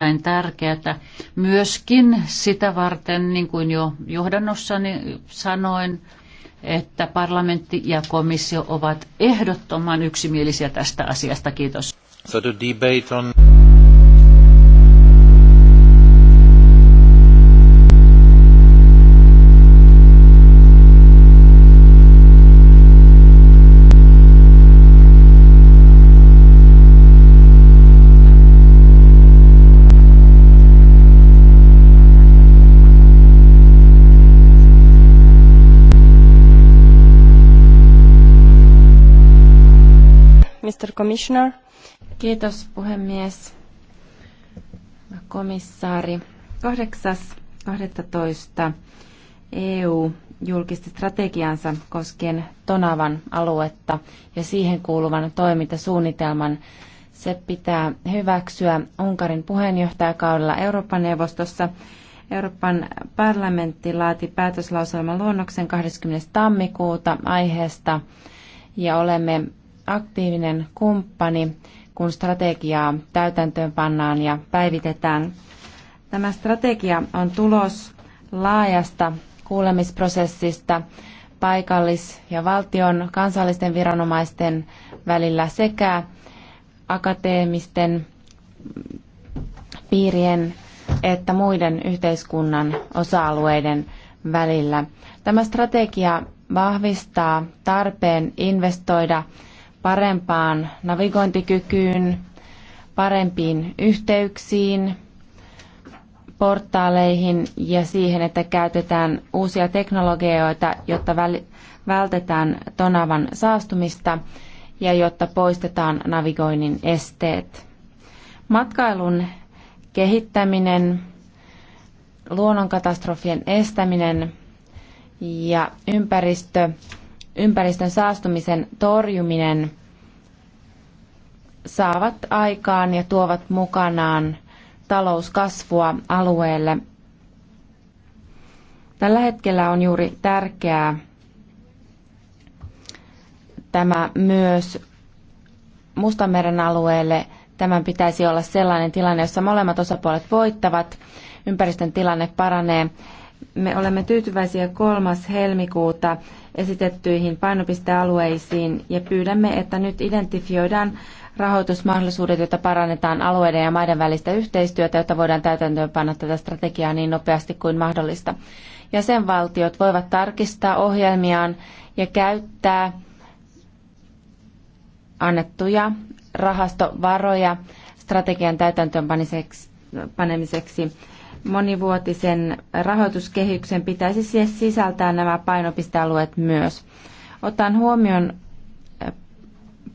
erittäin tärkeää myöskin sitä varten, niin kuin jo johdannossani sanoin, että parlamentti ja komissio ovat ehdottoman yksimielisiä tästä asiasta. Kiitos. So the debate on... Mr. Commissioner. Kiitos puhemies. Komissaari. 8.12. EU julkisti strategiansa koskien Tonavan aluetta ja siihen kuuluvan toimintasuunnitelman. Se pitää hyväksyä Unkarin puheenjohtajakaudella Euroopan neuvostossa. Euroopan parlamentti laati päätöslauselman luonnoksen 20. tammikuuta aiheesta ja olemme aktiivinen kumppani, kun strategiaa täytäntöön pannaan ja päivitetään. Tämä strategia on tulos laajasta kuulemisprosessista paikallis- ja valtion kansallisten viranomaisten välillä sekä akateemisten piirien että muiden yhteiskunnan osa-alueiden välillä. Tämä strategia vahvistaa tarpeen investoida parempaan navigointikykyyn, parempiin yhteyksiin, portaaleihin ja siihen, että käytetään uusia teknologioita, jotta vältetään tonavan saastumista ja jotta poistetaan navigoinnin esteet. Matkailun kehittäminen, luonnonkatastrofien estäminen ja ympäristö ympäristön saastumisen torjuminen saavat aikaan ja tuovat mukanaan talouskasvua alueelle. Tällä hetkellä on juuri tärkeää tämä myös Mustanmeren alueelle. Tämän pitäisi olla sellainen tilanne, jossa molemmat osapuolet voittavat, ympäristön tilanne paranee. Me olemme tyytyväisiä 3. helmikuuta esitettyihin painopistealueisiin ja pyydämme, että nyt identifioidaan rahoitusmahdollisuudet, joita parannetaan alueiden ja maiden välistä yhteistyötä, jotta voidaan täytäntöönpanna tätä strategiaa niin nopeasti kuin mahdollista. Jäsenvaltiot voivat tarkistaa ohjelmiaan ja käyttää annettuja rahastovaroja strategian täytäntöönpanemiseksi monivuotisen rahoituskehyksen pitäisi siis sisältää nämä painopistealueet myös. Otan huomioon eh,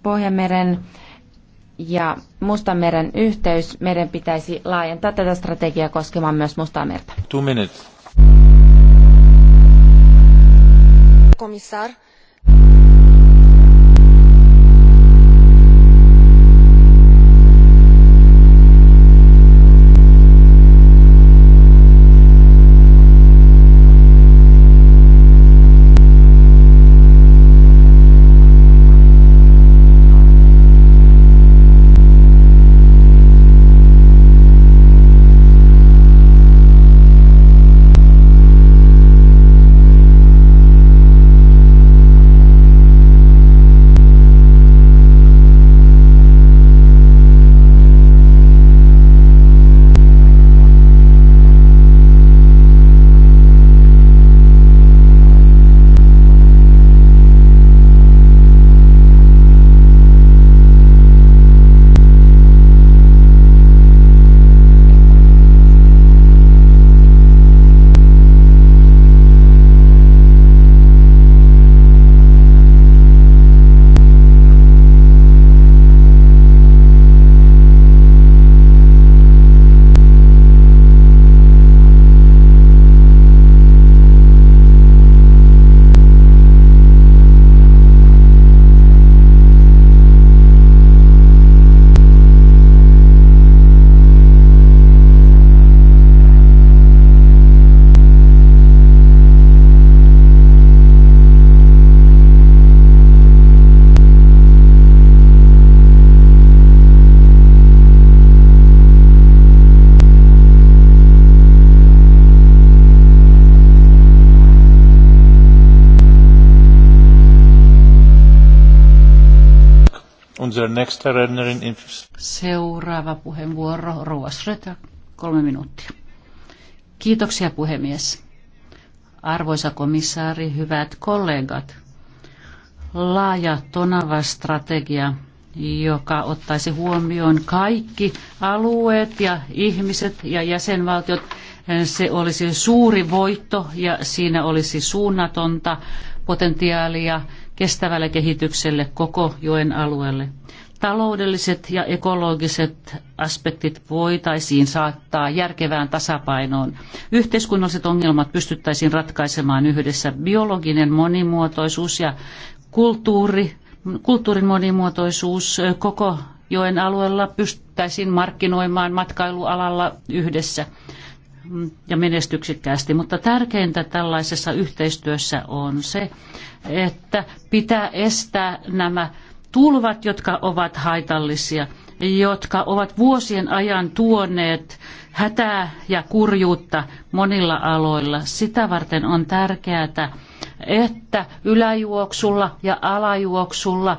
Pohjanmeren ja Mustanmeren yhteys, meidän pitäisi laajentaa tätä strategiaa koskemaan myös Mustanmerta. Two minutes. Komissar, next in... Seuraava puheenvuoro, Rouva Schröter, kolme minuuttia. Kiitoksia puhemies. Arvoisa komissaari, hyvät kollegat. Laaja Tonava-strategia, joka ottaisi huomioon kaikki alueet ja ihmiset ja jäsenvaltiot, se olisi suuri voitto ja siinä olisi suunnatonta potentiaalia kestävälle kehitykselle koko joen alueelle taloudelliset ja ekologiset aspektit voitaisiin saattaa järkevään tasapainoon. Yhteiskunnalliset ongelmat pystyttäisiin ratkaisemaan yhdessä. Biologinen monimuotoisuus ja kulttuuri, kulttuurin monimuotoisuus koko joen alueella pystyttäisiin markkinoimaan matkailualalla yhdessä ja menestyksekkäästi. Mutta tärkeintä tällaisessa yhteistyössä on se, että pitää estää nämä tulvat, jotka ovat haitallisia, jotka ovat vuosien ajan tuoneet hätää ja kurjuutta monilla aloilla. Sitä varten on tärkeää, että yläjuoksulla ja alajuoksulla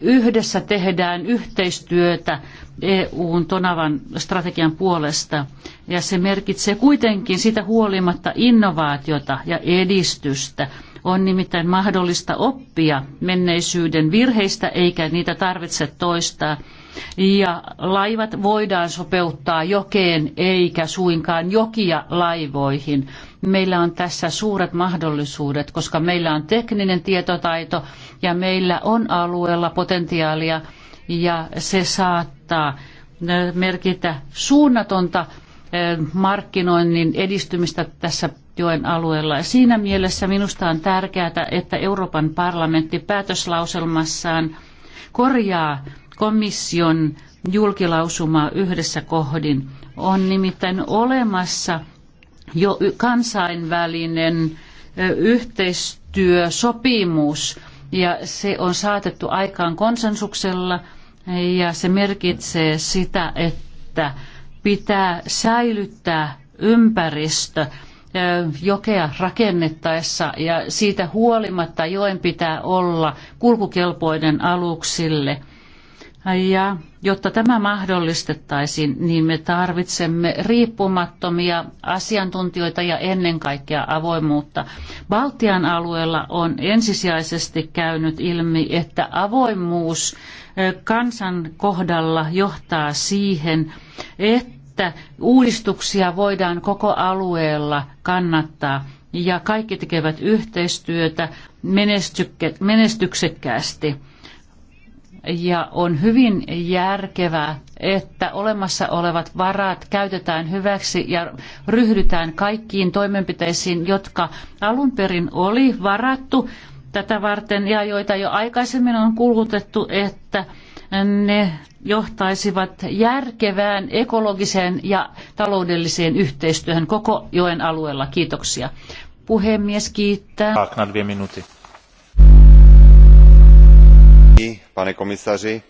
yhdessä tehdään yhteistyötä EUn Tonavan strategian puolesta. Ja se merkitsee kuitenkin sitä huolimatta innovaatiota ja edistystä. On nimittäin mahdollista oppia menneisyyden virheistä eikä niitä tarvitse toistaa. Ja laivat voidaan sopeuttaa jokeen eikä suinkaan jokia laivoihin. Meillä on tässä suuret mahdollisuudet, koska meillä on tekninen tietotaito ja meillä on alueella potentiaalia ja se saattaa äh, merkitä suunnatonta äh, markkinoinnin edistymistä tässä joen alueella. Siinä mielessä minusta on tärkeää, että Euroopan parlamentti päätöslauselmassaan korjaa komission julkilausumaa yhdessä kohdin. On nimittäin olemassa jo kansainvälinen yhteistyösopimus ja se on saatettu aikaan konsensuksella ja se merkitsee sitä, että pitää säilyttää ympäristö jokea rakennettaessa ja siitä huolimatta joen pitää olla kulkukelpoinen aluksille. Ja jotta tämä mahdollistettaisiin, niin me tarvitsemme riippumattomia asiantuntijoita ja ennen kaikkea avoimuutta. Baltian alueella on ensisijaisesti käynyt ilmi, että avoimuus kansan kohdalla johtaa siihen, että että uudistuksia voidaan koko alueella kannattaa ja kaikki tekevät yhteistyötä menestyksekkäästi. Ja on hyvin järkevää, että olemassa olevat varat käytetään hyväksi ja ryhdytään kaikkiin toimenpiteisiin, jotka alun perin oli varattu tätä varten ja joita jo aikaisemmin on kulutettu, että ne johtaisivat järkevään ekologiseen ja taloudelliseen yhteistyöhön koko joen alueella. Kiitoksia. Puhemies kiittää. Pane komissaari,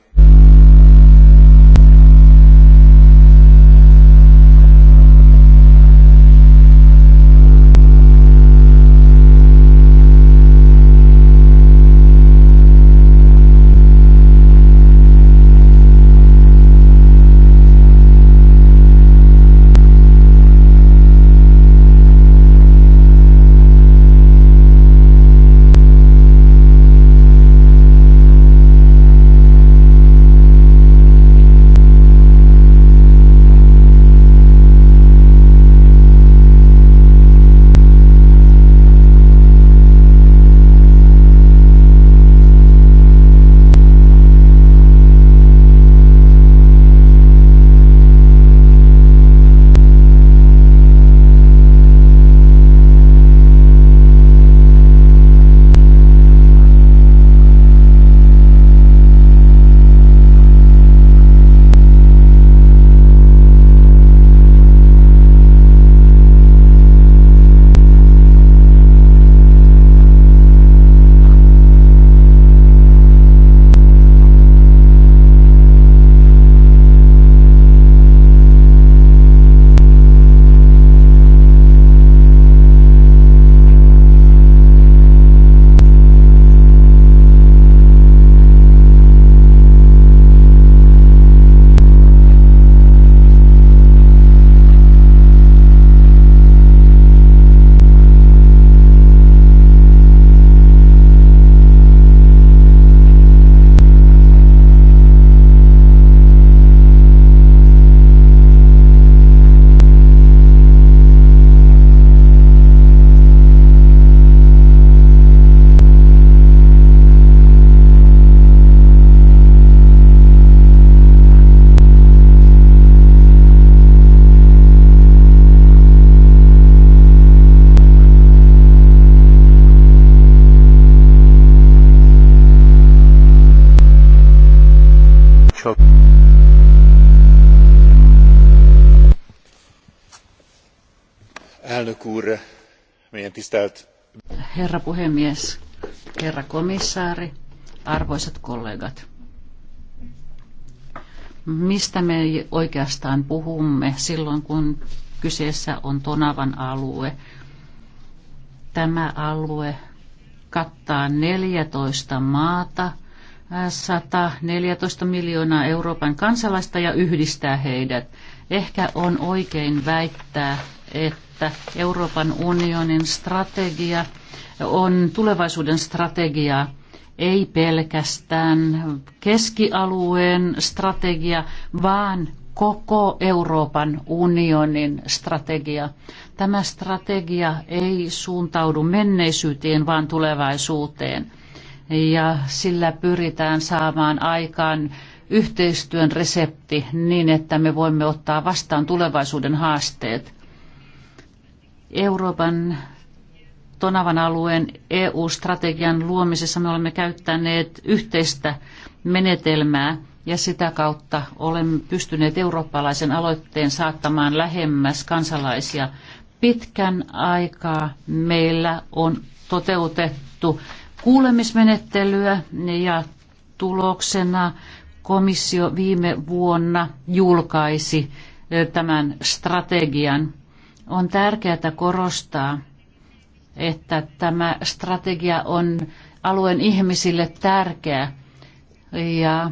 Herra puhemies, herra komissaari, arvoisat kollegat. Mistä me oikeastaan puhumme silloin, kun kyseessä on Tonavan alue? Tämä alue kattaa 14 maata, 114 miljoonaa Euroopan kansalaista ja yhdistää heidät. Ehkä on oikein väittää, että Euroopan unionin strategia on tulevaisuuden strategia, ei pelkästään keskialueen strategia, vaan koko Euroopan unionin strategia. Tämä strategia ei suuntaudu menneisyyteen, vaan tulevaisuuteen. Ja sillä pyritään saamaan aikaan yhteistyön resepti niin, että me voimme ottaa vastaan tulevaisuuden haasteet. Euroopan Tonavan alueen EU-strategian luomisessa me olemme käyttäneet yhteistä menetelmää ja sitä kautta olemme pystyneet eurooppalaisen aloitteen saattamaan lähemmäs kansalaisia. Pitkän aikaa meillä on toteutettu kuulemismenettelyä ja tuloksena komissio viime vuonna julkaisi tämän strategian on tärkeää korostaa, että tämä strategia on alueen ihmisille tärkeä ja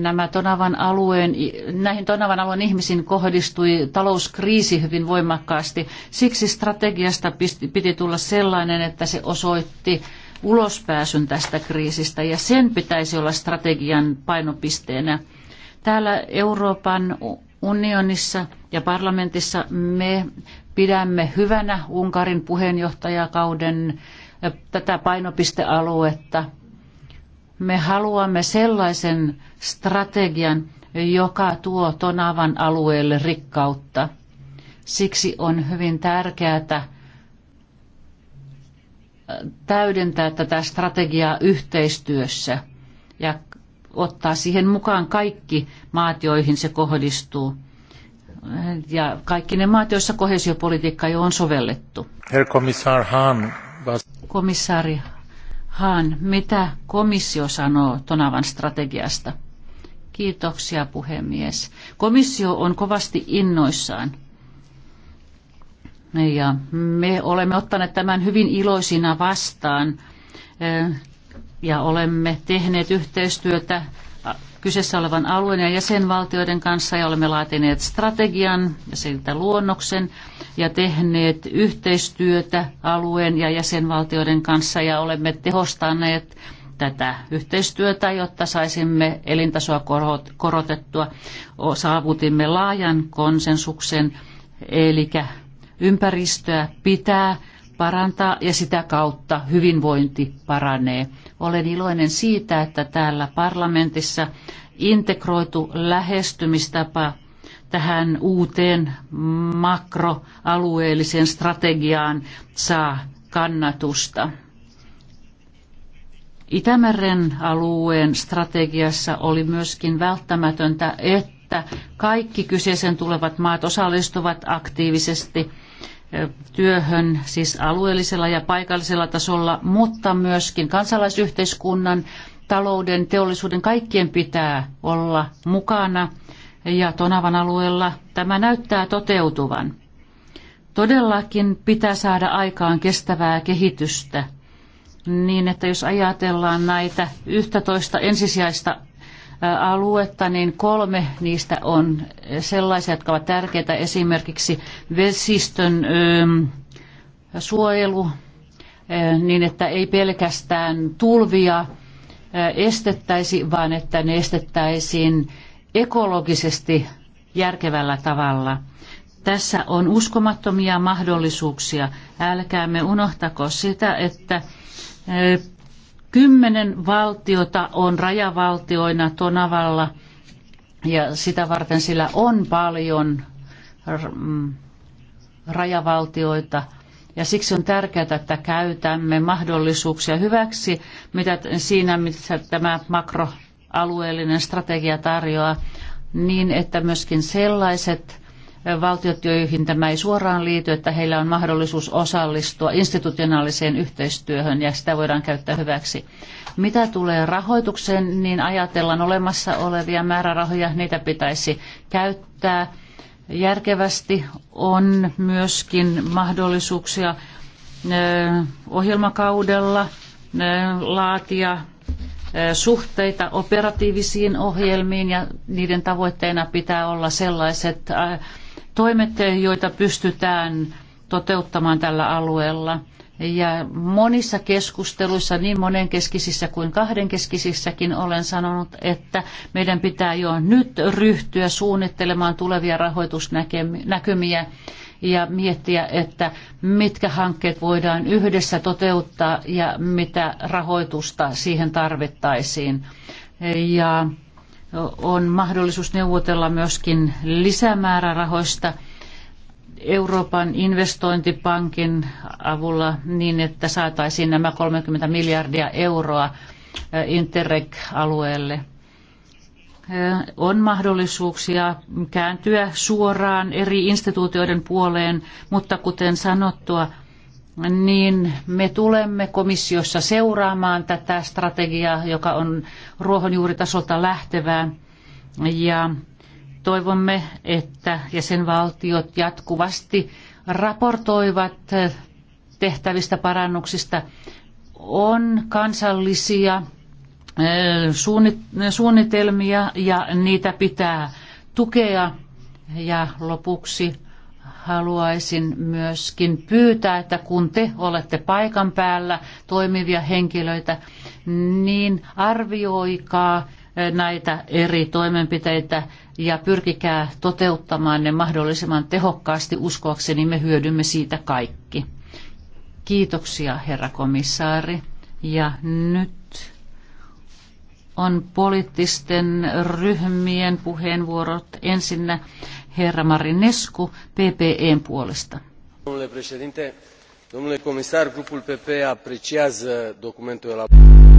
nämä Tonavan alueen, näihin Tonavan alueen ihmisiin kohdistui talouskriisi hyvin voimakkaasti. Siksi strategiasta piti tulla sellainen, että se osoitti ulospääsyn tästä kriisistä ja sen pitäisi olla strategian painopisteenä. Täällä Euroopan unionissa ja parlamentissa me pidämme hyvänä Unkarin puheenjohtajakauden äh, tätä painopistealuetta. Me haluamme sellaisen strategian, joka tuo Tonavan alueelle rikkautta. Siksi on hyvin tärkeää äh, täydentää tätä strategiaa yhteistyössä ja ottaa siihen mukaan kaikki maat, joihin se kohdistuu – ja kaikki ne maat, joissa kohesiopolitiikka jo on sovellettu. Herr Kommissar Hahn, was... Komissaari Hahn, mitä komissio sanoo Tonavan strategiasta? Kiitoksia puhemies. Komissio on kovasti innoissaan. Ja me olemme ottaneet tämän hyvin iloisina vastaan eh, ja olemme tehneet yhteistyötä kyseessä olevan alueen ja jäsenvaltioiden kanssa ja olemme laatineet strategian ja siltä luonnoksen ja tehneet yhteistyötä alueen ja jäsenvaltioiden kanssa ja olemme tehostaneet tätä yhteistyötä, jotta saisimme elintasoa korotettua. Saavutimme laajan konsensuksen, eli ympäristöä pitää parantaa ja sitä kautta hyvinvointi paranee. Olen iloinen siitä, että täällä parlamentissa integroitu lähestymistapa tähän uuteen makroalueelliseen strategiaan saa kannatusta. Itämeren alueen strategiassa oli myöskin välttämätöntä, että kaikki kyseisen tulevat maat osallistuvat aktiivisesti – työhön, siis alueellisella ja paikallisella tasolla, mutta myöskin kansalaisyhteiskunnan, talouden, teollisuuden, kaikkien pitää olla mukana. Ja Tonavan alueella tämä näyttää toteutuvan. Todellakin pitää saada aikaan kestävää kehitystä niin, että jos ajatellaan näitä 11 ensisijaista aluetta, niin kolme niistä on sellaisia, jotka ovat tärkeitä. Esimerkiksi vesistön suojelu, niin että ei pelkästään tulvia estettäisi, vaan että ne estettäisiin ekologisesti järkevällä tavalla. Tässä on uskomattomia mahdollisuuksia. Älkäämme unohtako sitä, että Kymmenen valtiota on rajavaltioina Tonavalla ja sitä varten sillä on paljon mm, rajavaltioita ja siksi on tärkeää, että käytämme mahdollisuuksia hyväksi mitä siinä, missä tämä makroalueellinen strategia tarjoaa, niin että myöskin sellaiset valtiot, joihin tämä ei suoraan liity, että heillä on mahdollisuus osallistua institutionaaliseen yhteistyöhön ja sitä voidaan käyttää hyväksi. Mitä tulee rahoitukseen, niin ajatellaan olemassa olevia määrärahoja, niitä pitäisi käyttää järkevästi. On myöskin mahdollisuuksia ohjelmakaudella laatia suhteita operatiivisiin ohjelmiin ja niiden tavoitteena pitää olla sellaiset toimet, joita pystytään toteuttamaan tällä alueella. Ja monissa keskusteluissa, niin monenkeskisissä kuin kahdenkeskisissäkin, olen sanonut, että meidän pitää jo nyt ryhtyä suunnittelemaan tulevia rahoitusnäkymiä ja miettiä, että mitkä hankkeet voidaan yhdessä toteuttaa ja mitä rahoitusta siihen tarvittaisiin. Ja on mahdollisuus neuvotella myöskin lisämäärärahoista Euroopan investointipankin avulla niin, että saataisiin nämä 30 miljardia euroa eh, Interreg-alueelle eh, on mahdollisuuksia kääntyä suoraan eri instituutioiden puoleen, mutta kuten sanottua, niin me tulemme komissiossa seuraamaan tätä strategiaa, joka on ruohonjuuritasolta lähtevää. Ja toivomme, että jäsenvaltiot jatkuvasti raportoivat tehtävistä parannuksista. On kansallisia suunnitelmia ja niitä pitää tukea. Ja lopuksi haluaisin myöskin pyytää, että kun te olette paikan päällä toimivia henkilöitä, niin arvioikaa eh, näitä eri toimenpiteitä ja pyrkikää toteuttamaan ne mahdollisimman tehokkaasti. Uskoakseni me hyödymme siitä kaikki. Kiitoksia, herra komissaari. Ja nyt on poliittisten ryhmien puheenvuorot ensinnä herra Marinescu PPEn puolesta. Domnule președinte, domnule comisar, grupul PPE apreciază documentul elaborat.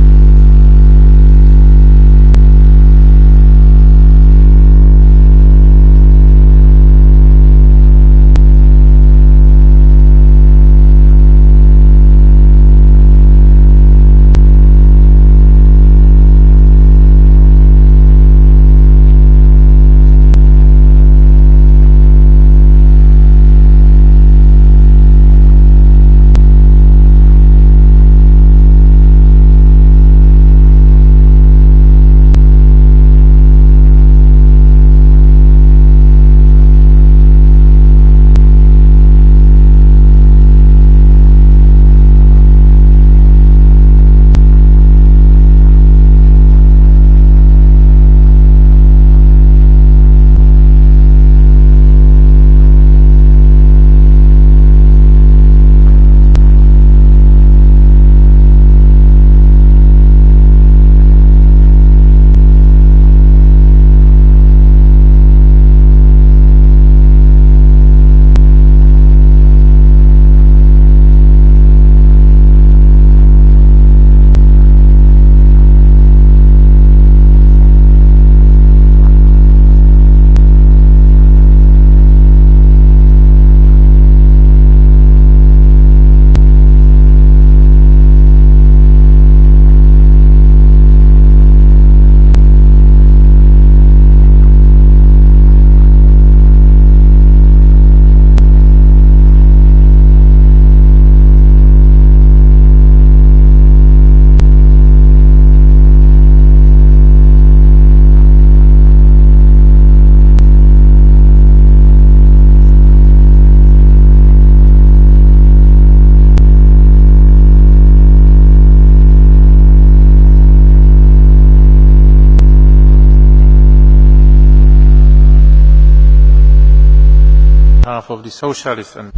of the socialists and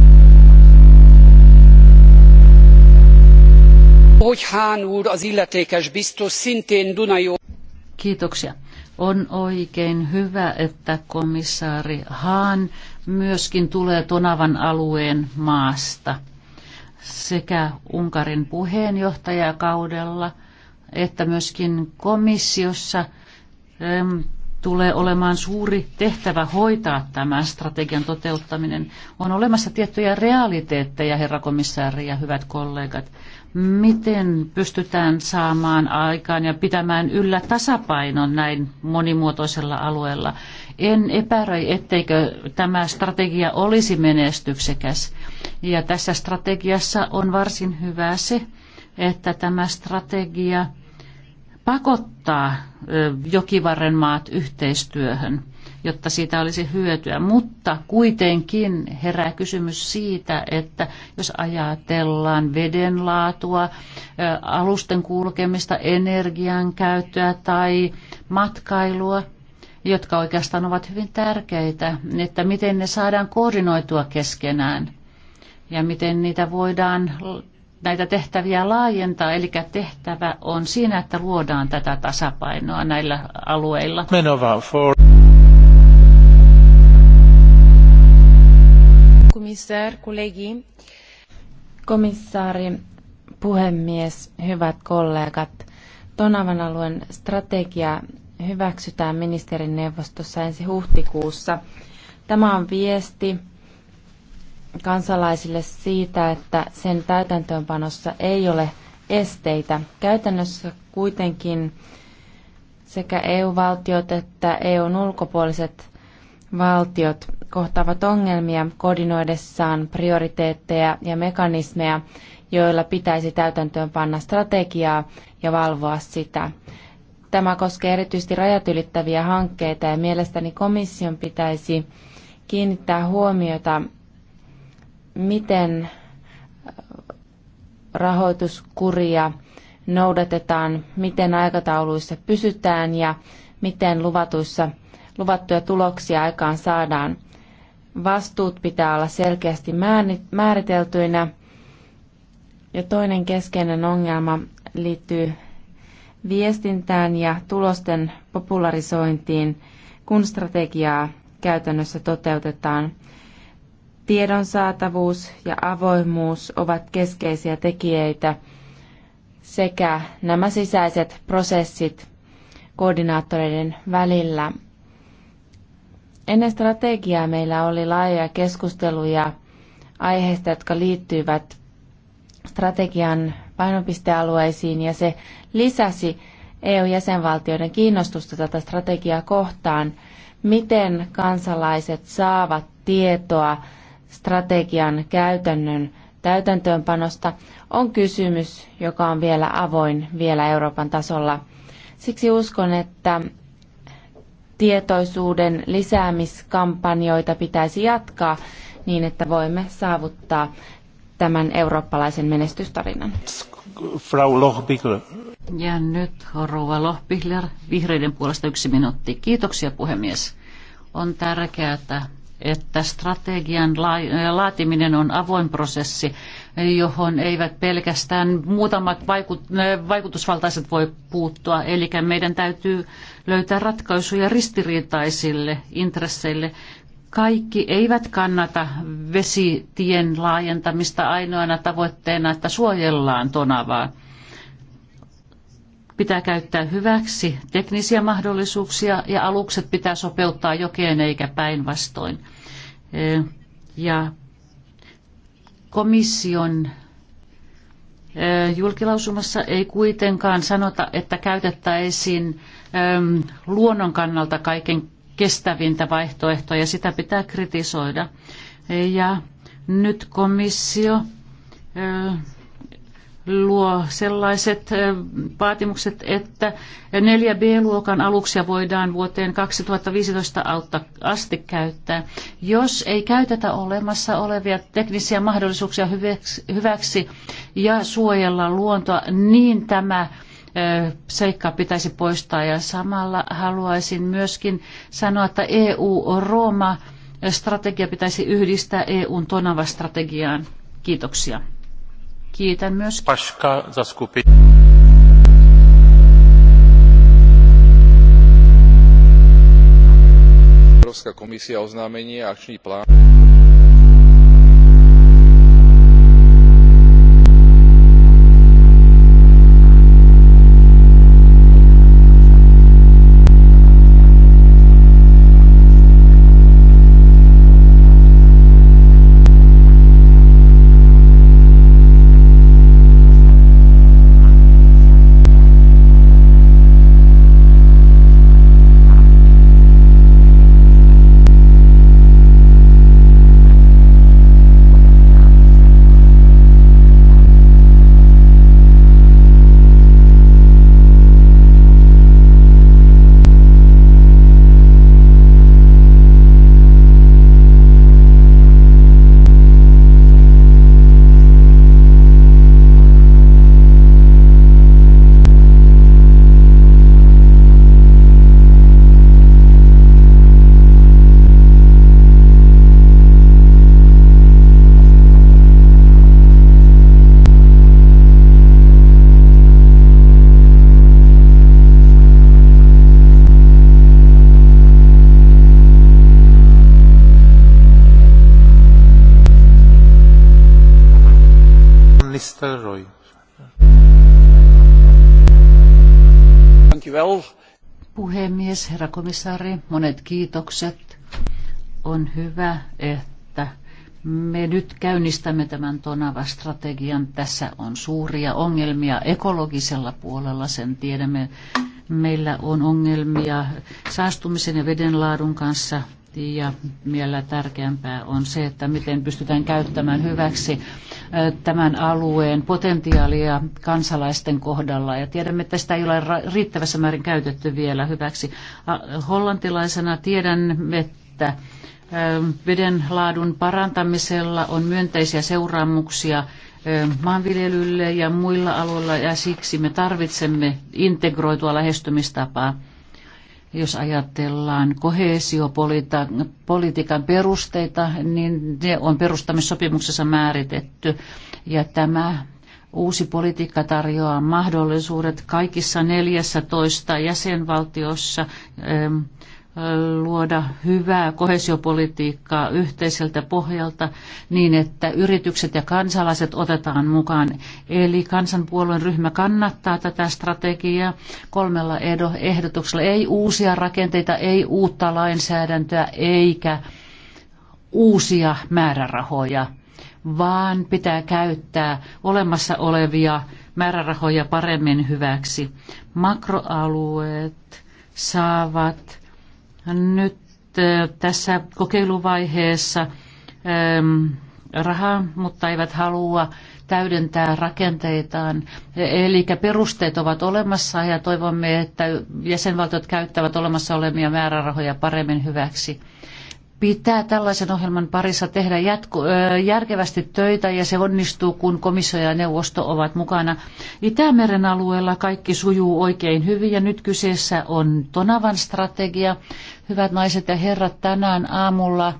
Hogy Hán úr, az illetékes biztos, szintén Kiitoksia. On oikein hyvä, että komissaari Hahn myöskin tulee Tonavan alueen maasta sekä Unkarin puheenjohtajakaudella että myöskin komissiossa tulee olemaan suuri tehtävä hoitaa tämä strategian toteuttaminen. On olemassa tiettyjä realiteetteja, herra komissaari ja hyvät kollegat. Miten pystytään saamaan aikaan ja pitämään yllä tasapainon näin monimuotoisella alueella? En epäröi, etteikö tämä strategia olisi menestyksekäs. Ja tässä strategiassa on varsin hyvä se, että tämä strategia – pakottaa jokivarren maat yhteistyöhön, jotta siitä olisi hyötyä. Mutta kuitenkin herää kysymys siitä, että jos ajatellaan vedenlaatua, alusten kulkemista, energian käyttöä tai matkailua, jotka oikeastaan ovat hyvin tärkeitä, että miten ne saadaan koordinoitua keskenään ja miten niitä voidaan näitä tehtäviä laajentaa, eli tehtävä on siinä, että luodaan tätä tasapainoa näillä alueilla. Komissaari, kollegi. Komissaari, puhemies, hyvät kollegat. Tonavan alueen strategia hyväksytään ministerineuvostossa ensi huhtikuussa. Tämä on viesti kansalaisille siitä, että sen täytäntöönpanossa ei ole esteitä. Käytännössä kuitenkin sekä EU-valtiot että EUn ulkopuoliset valtiot kohtaavat ongelmia koordinoidessaan prioriteetteja ja mekanismeja, joilla pitäisi täytäntöönpanna strategiaa ja valvoa sitä. Tämä koskee erityisesti rajat ylittäviä hankkeita ja mielestäni komission pitäisi kiinnittää huomiota miten äh, rahoituskuria noudatetaan, miten aikatauluissa pysytään ja miten luvatuissa, luvattuja tuloksia aikaan saadaan. Vastuut pitää olla selkeästi määriteltyinä. Ja toinen keskeinen ongelma liittyy viestintään ja tulosten popularisointiin, kun strategiaa käytännössä toteutetaan. Tiedon saatavuus ja avoimuus ovat keskeisiä tekijöitä sekä nämä sisäiset prosessit koordinaattoreiden välillä. Ennen strategiaa meillä oli laajoja keskusteluja aiheista, jotka liittyivät strategian painopistealueisiin ja se lisäsi EU-jäsenvaltioiden kiinnostusta tätä strategiaa kohtaan, miten kansalaiset saavat tietoa strategian käytännön täytäntöönpanosta on kysymys, joka on vielä avoin vielä Euroopan tasolla. Siksi uskon, että tietoisuuden lisäämiskampanjoita pitäisi jatkaa niin, että voimme saavuttaa tämän eurooppalaisen menestystarinan. Frau Lohbigler. Ja nyt rouva Lohbigler, vihreiden puolesta yksi minuutti. Kiitoksia puhemies. On tärkeää, että että strategian laatiminen on avoin prosessi, johon eivät pelkästään muutamat vaikutusvaltaiset voi puuttua. Eli meidän täytyy löytää ratkaisuja ristiriitaisille intresseille. Kaikki eivät kannata vesitien laajentamista ainoana tavoitteena, että suojellaan tonavaa pitää käyttää hyväksi teknisiä mahdollisuuksia ja alukset pitää sopeuttaa jokeen eikä päinvastoin. E, ja komission e, julkilausumassa ei kuitenkaan sanota, että käytettäisiin e, luonnon kannalta kaiken kestävintä vaihtoehtoa ja sitä pitää kritisoida. Ja nyt komissio luo sellaiset vaatimukset, että 4B-luokan aluksia voidaan vuoteen 2015 asti käyttää. Jos ei käytetä olemassa olevia teknisiä mahdollisuuksia hyväksi ja suojella luontoa, niin tämä seikka pitäisi poistaa. Ja samalla haluaisin myöskin sanoa, että EU-Rooma-strategia pitäisi yhdistää EUn Tonava-strategiaan. Kiitoksia. Kiitän myös. Paska zaskupi. Európska komisia oznámenie a plán. puhemies, herra komissaari, monet kiitokset. On hyvä, että me nyt käynnistämme tämän Tonava-strategian. Tässä on suuria ongelmia ekologisella puolella, sen tiedämme. Meillä on ongelmia saastumisen ja vedenlaadun kanssa, ja vielä tärkeämpää on se, että miten pystytään käyttämään hyväksi tämän alueen potentiaalia kansalaisten kohdalla. Ja tiedämme, että sitä ei ole riittävässä määrin käytetty vielä hyväksi. Hollantilaisena tiedän, että veden laadun parantamisella on myönteisiä seuraamuksia maanviljelylle ja muilla alueilla ja siksi me tarvitsemme integroitua lähestymistapaa jos ajatellaan kohesiopolitiikan perusteita, niin ne on perustamissopimuksessa määritetty. Ja tämä uusi politiikka tarjoaa mahdollisuudet kaikissa 14 jäsenvaltiossa luoda hyvää kohesiopolitiikkaa yhteiseltä pohjalta niin, että yritykset ja kansalaiset otetaan mukaan. Eli kansanpuolueen ryhmä kannattaa tätä strategiaa kolmella ehdotuksella. Ei uusia rakenteita, ei uutta lainsäädäntöä eikä uusia määrärahoja, vaan pitää käyttää olemassa olevia määrärahoja paremmin hyväksi. Makroalueet saavat nyt äh, tässä kokeiluvaiheessa ähm, rahaa, mutta eivät halua täydentää rakenteitaan. Eli perusteet ovat olemassa ja toivomme, että jäsenvaltiot käyttävät olemassa olevia määrärahoja paremmin hyväksi pitää tällaisen ohjelman parissa tehdä jatku, järkevästi töitä ja se onnistuu, kun komissio ja neuvosto ovat mukana. Itämeren alueella kaikki sujuu oikein hyvin ja nyt kyseessä on Tonavan strategia. Hyvät naiset ja herrat, tänään aamulla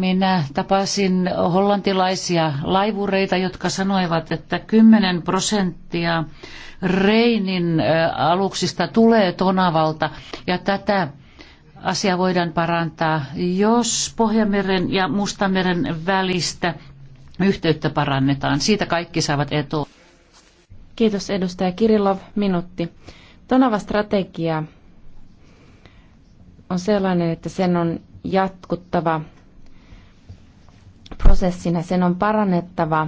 minä tapasin hollantilaisia laivureita, jotka sanoivat, että 10 prosenttia Reinin aluksista tulee Tonavalta ja tätä asia voidaan parantaa, jos Pohjanmeren ja Mustameren välistä yhteyttä parannetaan. Siitä kaikki saavat etua. Kiitos edustaja Kirilov. Minuutti. Tonava strategia on sellainen, että sen on jatkuttava prosessina. Sen on parannettava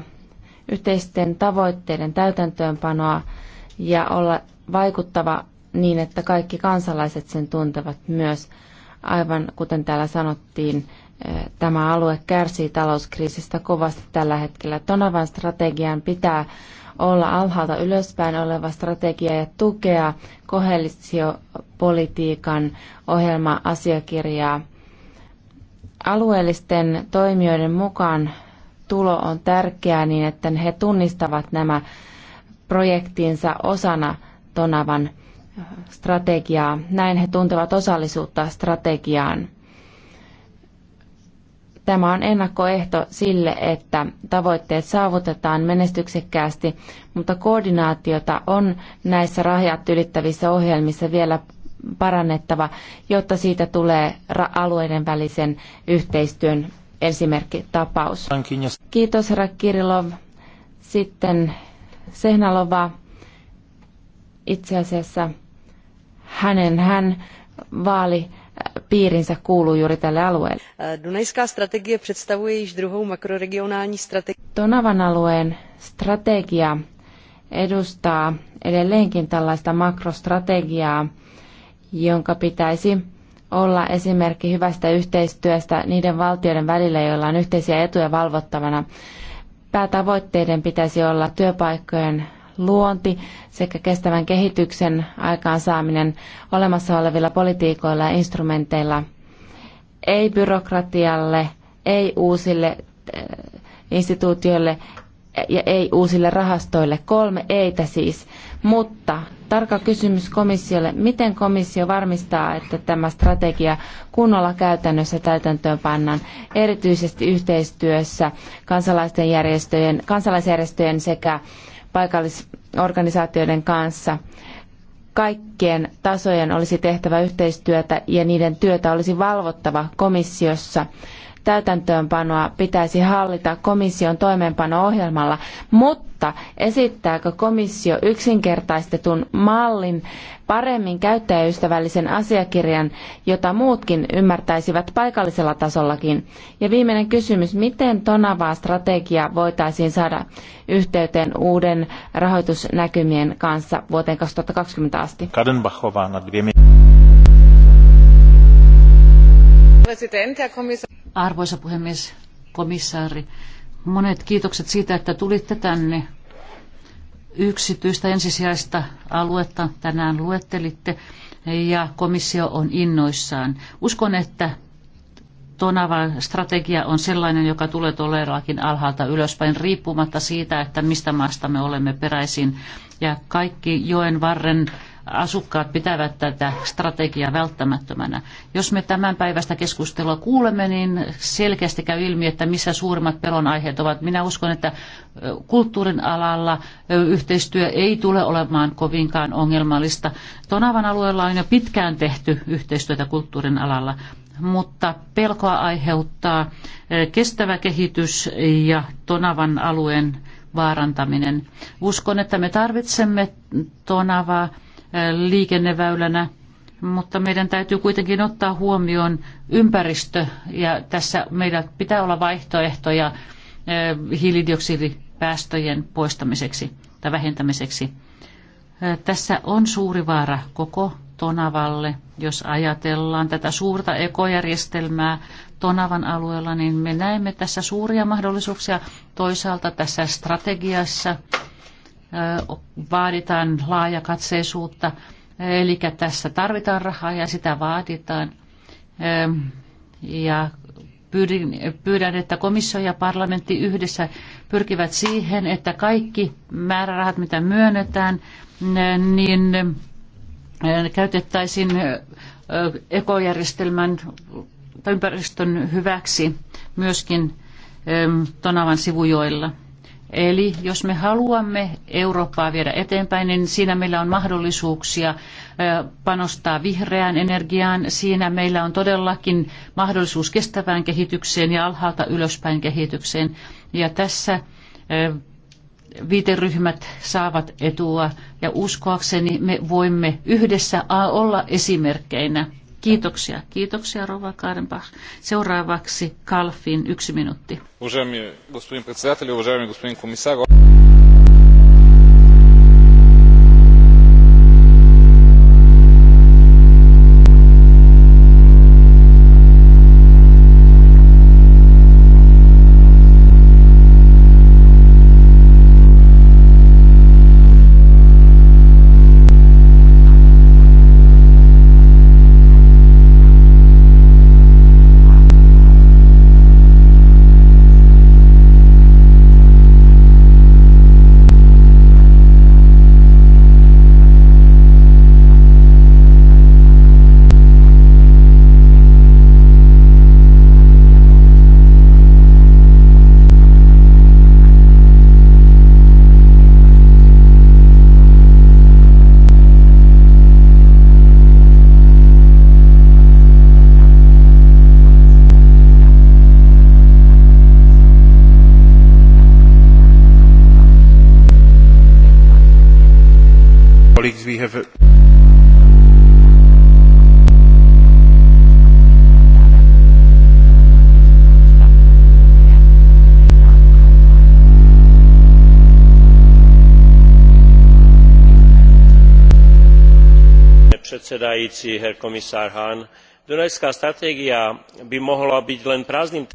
yhteisten tavoitteiden täytäntöönpanoa ja olla vaikuttava niin, että kaikki kansalaiset sen tuntevat myös. Aivan kuten täällä sanottiin, eh, tämä alue kärsii talouskriisistä kovasti tällä hetkellä. Tonavan strategian pitää olla alhaalta ylöspäin oleva strategia ja tukea kohelissiopolitiikan ohjelma-asiakirjaa. Alueellisten toimijoiden mukaan tulo on tärkeää niin, että he tunnistavat nämä projektiinsa osana Tonavan strategiaa. Näin he tuntevat osallisuutta strategiaan. Tämä on ennakkoehto sille, että tavoitteet saavutetaan menestyksekkäästi, mutta koordinaatiota on näissä rajat ylittävissä ohjelmissa vielä parannettava, jotta siitä tulee alueiden välisen yhteistyön esimerkkitapaus. Kiitos herra Kirilov. Sitten Sehnalova itse asiassa hänen hän vaali äh, piirinsä kuuluu juuri tälle alueelle. Äh, Dunajská strategie představuje již druhou makroregionální strategii. Donavan alueen strategia edustaa edelleenkin tällaista makrostrategiaa, jonka pitäisi olla esimerkki hyvästä yhteistyöstä niiden valtioiden välillä, joilla on yhteisiä etuja valvottavana. Päätavoitteiden pitäisi olla työpaikkojen luonti sekä kestävän kehityksen aikaansaaminen olemassa olevilla politiikoilla ja instrumenteilla. Ei byrokratialle, ei uusille eh, instituutioille ja ei uusille rahastoille. Kolme eitä siis. Mutta tarkka kysymys komissiolle. Miten komissio varmistaa, että tämä strategia kunnolla käytännössä täytäntöön pannaan, erityisesti yhteistyössä kansalaisten järjestöjen, kansalaisjärjestöjen sekä paikallisorganisaatioiden kanssa. Kaikkien tasojen olisi tehtävä yhteistyötä ja niiden työtä olisi valvottava komissiossa täytäntöönpanoa pitäisi hallita komission toimeenpano-ohjelmalla, mutta esittääkö komissio yksinkertaistetun mallin paremmin käyttäjäystävällisen asiakirjan, jota muutkin ymmärtäisivät paikallisella tasollakin? Ja viimeinen kysymys, miten tonavaa strategia voitaisiin saada yhteyteen uuden rahoitusnäkymien kanssa vuoteen 2020 asti? Kadenbachova, Arvoisa puhemies, komissaari, monet kiitokset siitä, että tulitte tänne yksityistä ensisijaista aluetta tänään luettelitte ja komissio on innoissaan. Uskon, että Tonavan strategia on sellainen, joka tulee todellakin alhaalta ylöspäin riippumatta siitä, että mistä maasta me olemme peräisin. Ja kaikki joen varren asukkaat pitävät tätä strategiaa välttämättömänä. Jos me tämän päivästä keskustelua kuulemme, niin selkeästi käy ilmi, että missä suurimmat pelonaiheet ovat. Minä uskon, että kulttuurin alalla yhteistyö ei tule olemaan kovinkaan ongelmallista. Tonavan alueella on jo pitkään tehty yhteistyötä kulttuurin alalla, mutta pelkoa aiheuttaa kestävä kehitys ja Tonavan alueen vaarantaminen. Uskon, että me tarvitsemme Tonavaa liikenneväylänä, mutta meidän täytyy kuitenkin ottaa huomioon ympäristö ja tässä meidän pitää olla vaihtoehtoja hiilidioksidipäästöjen poistamiseksi tai vähentämiseksi. Tässä on suuri vaara koko Tonavalle. Jos ajatellaan tätä suurta ekojärjestelmää Tonavan alueella, niin me näemme tässä suuria mahdollisuuksia toisaalta tässä strategiassa – vaaditaan laajakatseisuutta, eli tässä tarvitaan rahaa ja sitä vaaditaan. Ja pyydän, että komissio ja parlamentti yhdessä pyrkivät siihen, että kaikki määrärahat, mitä myönnetään, niin käytettäisiin ekojärjestelmän tai ympäristön hyväksi myöskin Tonavan sivujoilla. Eli jos me haluamme Eurooppaa viedä eteenpäin, niin siinä meillä on mahdollisuuksia panostaa vihreään energiaan. Siinä meillä on todellakin mahdollisuus kestävään kehitykseen ja alhaalta ylöspäin kehitykseen. Ja tässä viiteryhmät saavat etua ja uskoakseni me voimme yhdessä olla esimerkkeinä Kiitoksia, kiitoksia Rova Kaarenbach. Seuraavaksi Kalfin yksi minuutti. Уважаеми господин председател, уважаеми господин комисар, predsedajúci herr komisár hahn dunajská stratégia by mohla byť len prázdnym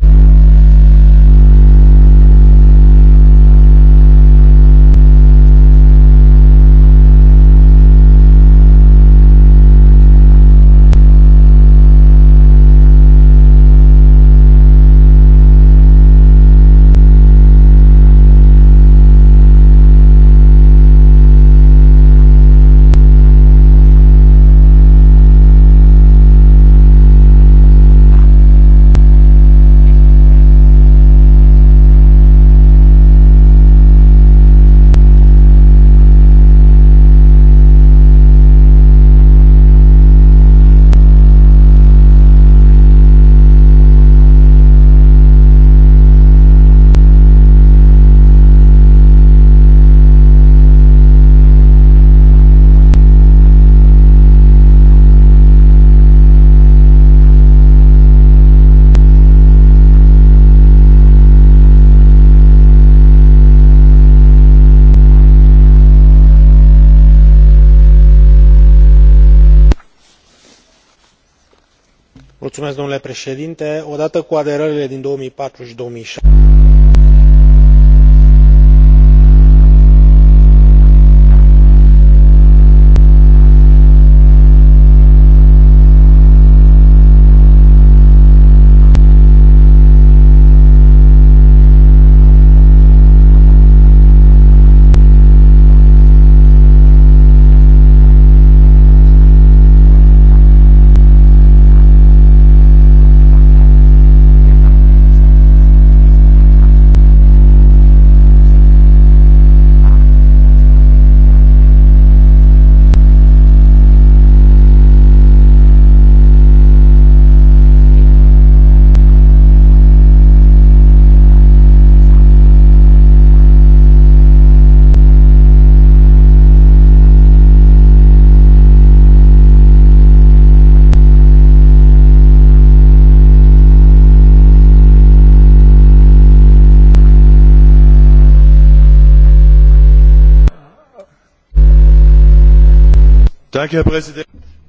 odată cu aderările din două mii patru i două mii șapte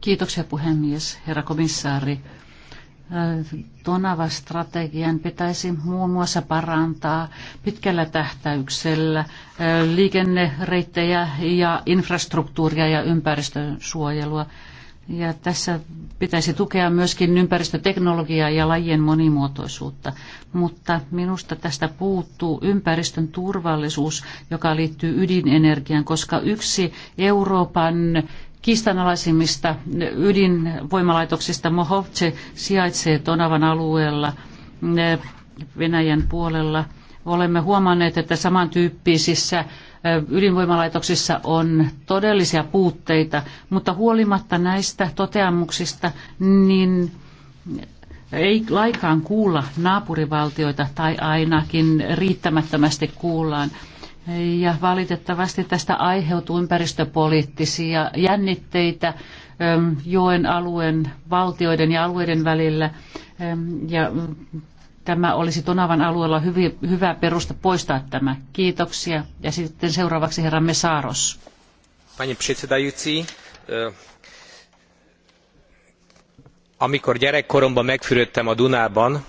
Kiitoksia puhemies, herra komissaari. Äh, Tonava-strategian pitäisi muun muassa parantaa pitkällä tähtäyksellä äh, liikennereittejä ja infrastruktuuria ja ympäristönsuojelua. Ja tässä pitäisi tukea myöskin ympäristöteknologiaa ja lajien monimuotoisuutta. Mutta minusta tästä puuttuu ympäristön turvallisuus, joka liittyy ydinenergiaan, koska yksi Euroopan kiistanalaisimmista ydinvoimalaitoksista Mohovce sijaitsee Tonavan alueella Venäjän puolella. Olemme huomanneet, että samantyyppisissä ydinvoimalaitoksissa on todellisia puutteita, mutta huolimatta näistä toteamuksista, niin ei laikaan kuulla naapurivaltioita tai ainakin riittämättömästi kuullaan. Ja valitettavasti tästä aiheutuu ympäristöpoliittisia jännitteitä ähm, joen alueen valtioiden ja alueiden välillä. Ähm, ja tämä olisi Tonavan alueella hyvä perusta poistaa tämä. Kiitoksia. Ja sitten seuraavaksi herra Mesaros. Panie předsedající, amikor gyerekkoromban megfürödtem a Dunában,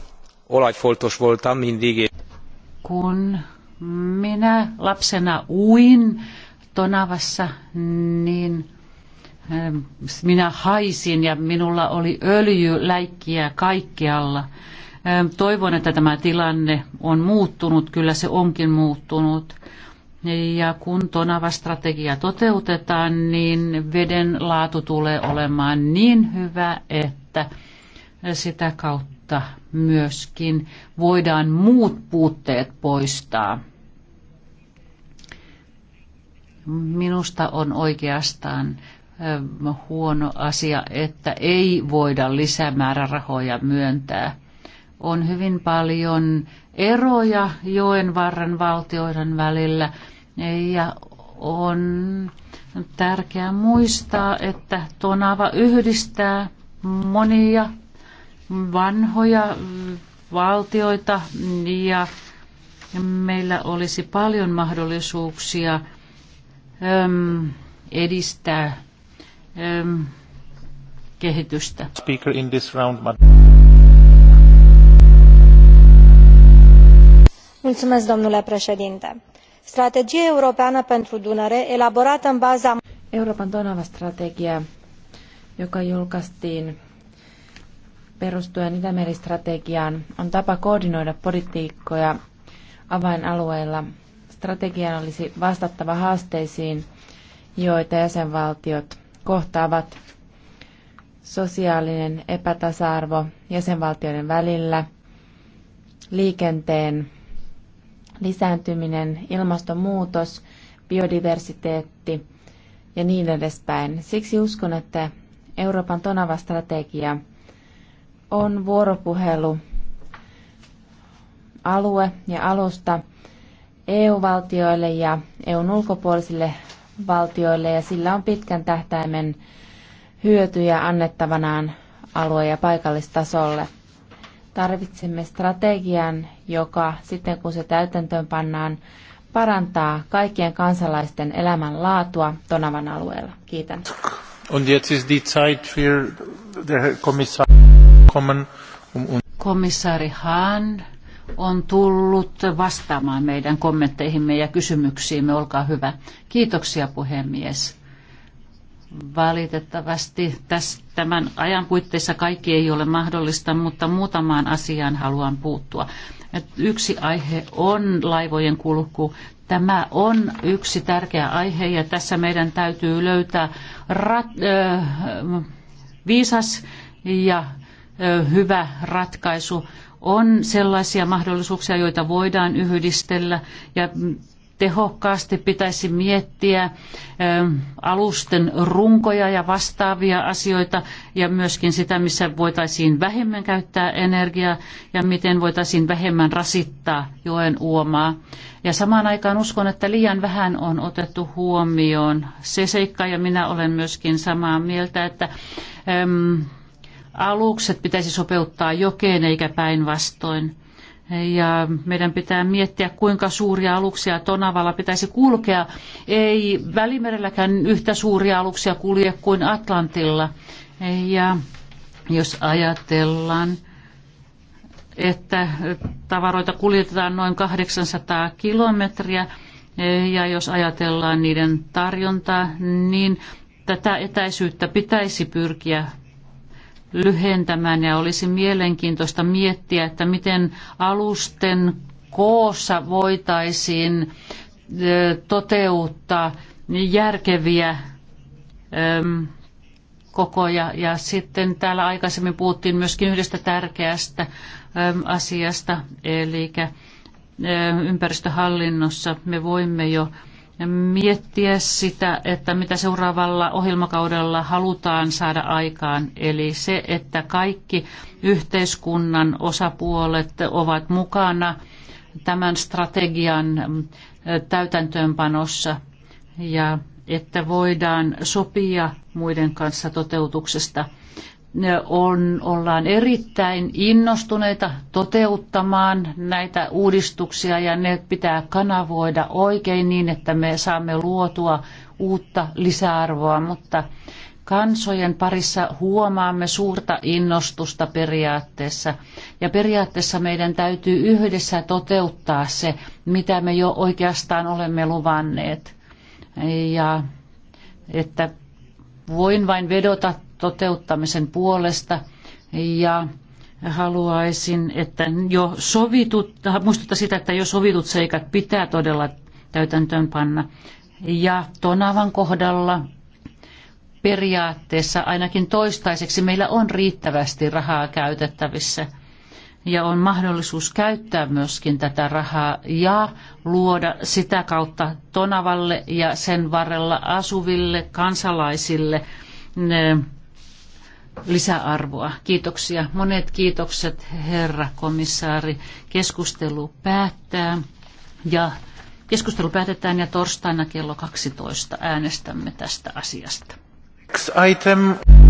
olajfoltos voltam mindig. Kun minä lapsena uin Tonavassa, niin ähm, minä haisin ja minulla oli öljyläikkiä kaikkialla. Ähm, toivon, että tämä tilanne on muuttunut, kyllä se onkin muuttunut. Ja kun Tonava-strategia toteutetaan, niin veden laatu tulee olemaan niin hyvä, että sitä kautta kautta myöskin voidaan muut puutteet poistaa. Minusta on oikeastaan huono asia, että ei voida lisämäärärahoja myöntää. On hyvin paljon eroja joen varren valtioiden välillä ja on tärkeää muistaa, että Tonava yhdistää monia vanhoja valtioita ja meillä olisi paljon mahdollisuuksia edistää kehitystä. Speaker in this round, Mulțumesc, domnule președinte. Strategia europeană pentru Dunăre, elaborată în baza... Euroopan Donava-strategia, joka julkaistiin perustuen Itämeri-strategiaan on tapa koordinoida politiikkoja avainalueilla. Strategian olisi vastattava haasteisiin, joita jäsenvaltiot kohtaavat. Sosiaalinen epätasa-arvo jäsenvaltioiden välillä, liikenteen lisääntyminen, ilmastonmuutos, biodiversiteetti ja niin edespäin. Siksi uskon, että Euroopan tonava strategia – on vuoropuhelu alue ja alusta EU-valtioille ja EUn ulkopuolisille valtioille ja sillä on pitkän tähtäimen hyötyjä annettavanaan alue- ja paikallistasolle. Tarvitsemme strategian, joka sitten kun se täytäntöön pannaan, parantaa kaikkien kansalaisten elämän laatua Tonavan alueella. Kiitän. Und jetzt ist die Zeit für der gekommen, um, um Komissaari Hahn on tullut vastaamaan meidän kommentteihimme ja kysymyksiimme. Olkaa hyvä. Kiitoksia puhemies. Valitettavasti tässä, tämän ajan puitteissa kaikki ei ole mahdollista, mutta muutamaan asiaan haluan puuttua. Et yksi aihe on laivojen kulku. Tämä on yksi tärkeä aihe ja tässä meidän täytyy löytää rat, viisas ja hyvä ratkaisu. On sellaisia mahdollisuuksia, joita voidaan yhdistellä ja tehokkaasti pitäisi miettiä alusten runkoja ja vastaavia asioita ja myöskin sitä, missä voitaisiin vähemmän käyttää energiaa ja miten voitaisiin vähemmän rasittaa joen uomaa. Ja samaan aikaan uskon, että liian vähän on otettu huomioon se seikka ja minä olen myöskin samaa mieltä, että alukset pitäisi sopeuttaa jokeen eikä päinvastoin. Ja meidän pitää miettiä, kuinka suuria aluksia Tonavalla pitäisi kulkea. Ei Välimerelläkään yhtä suuria aluksia kulje kuin Atlantilla. Ja jos ajatellaan, että tavaroita kuljetetaan noin 800 kilometriä, ja jos ajatellaan niiden tarjontaa, niin tätä etäisyyttä pitäisi pyrkiä lyhentämään ja olisi mielenkiintoista miettiä, että miten alusten koossa voitaisiin toteuttaa järkeviä kokoja. Ja sitten täällä aikaisemmin puhuttiin myöskin yhdestä tärkeästä asiasta, eli ympäristöhallinnossa me voimme jo miettiä sitä, että mitä seuraavalla ohjelmakaudella halutaan saada aikaan. Eli se, että kaikki yhteiskunnan osapuolet ovat mukana tämän strategian täytäntöönpanossa ja että voidaan sopia muiden kanssa toteutuksesta – on, ollaan erittäin innostuneita toteuttamaan näitä uudistuksia ja ne pitää kanavoida oikein niin, että me saamme luotua uutta lisäarvoa, mutta kansojen parissa huomaamme suurta innostusta periaatteessa. Ja periaatteessa meidän täytyy yhdessä toteuttaa se, mitä me jo oikeastaan olemme luvanneet. Ja että voin vain vedota toteuttamisen puolesta ja haluaisin, että jo sovitut, muistuttaa sitä, että jo sovitut seikat pitää todella täytäntöön panna. Ja Tonavan kohdalla periaatteessa ainakin toistaiseksi meillä on riittävästi rahaa käytettävissä ja on mahdollisuus käyttää myöskin tätä rahaa ja luoda sitä kautta Tonavalle ja sen varrella asuville kansalaisille lisäarvoa. Kiitoksia. Monet kiitokset, herra komissaari. Keskustelu päättää ja keskustelu päätetään ja torstaina kello 12 äänestämme tästä asiasta. Next item.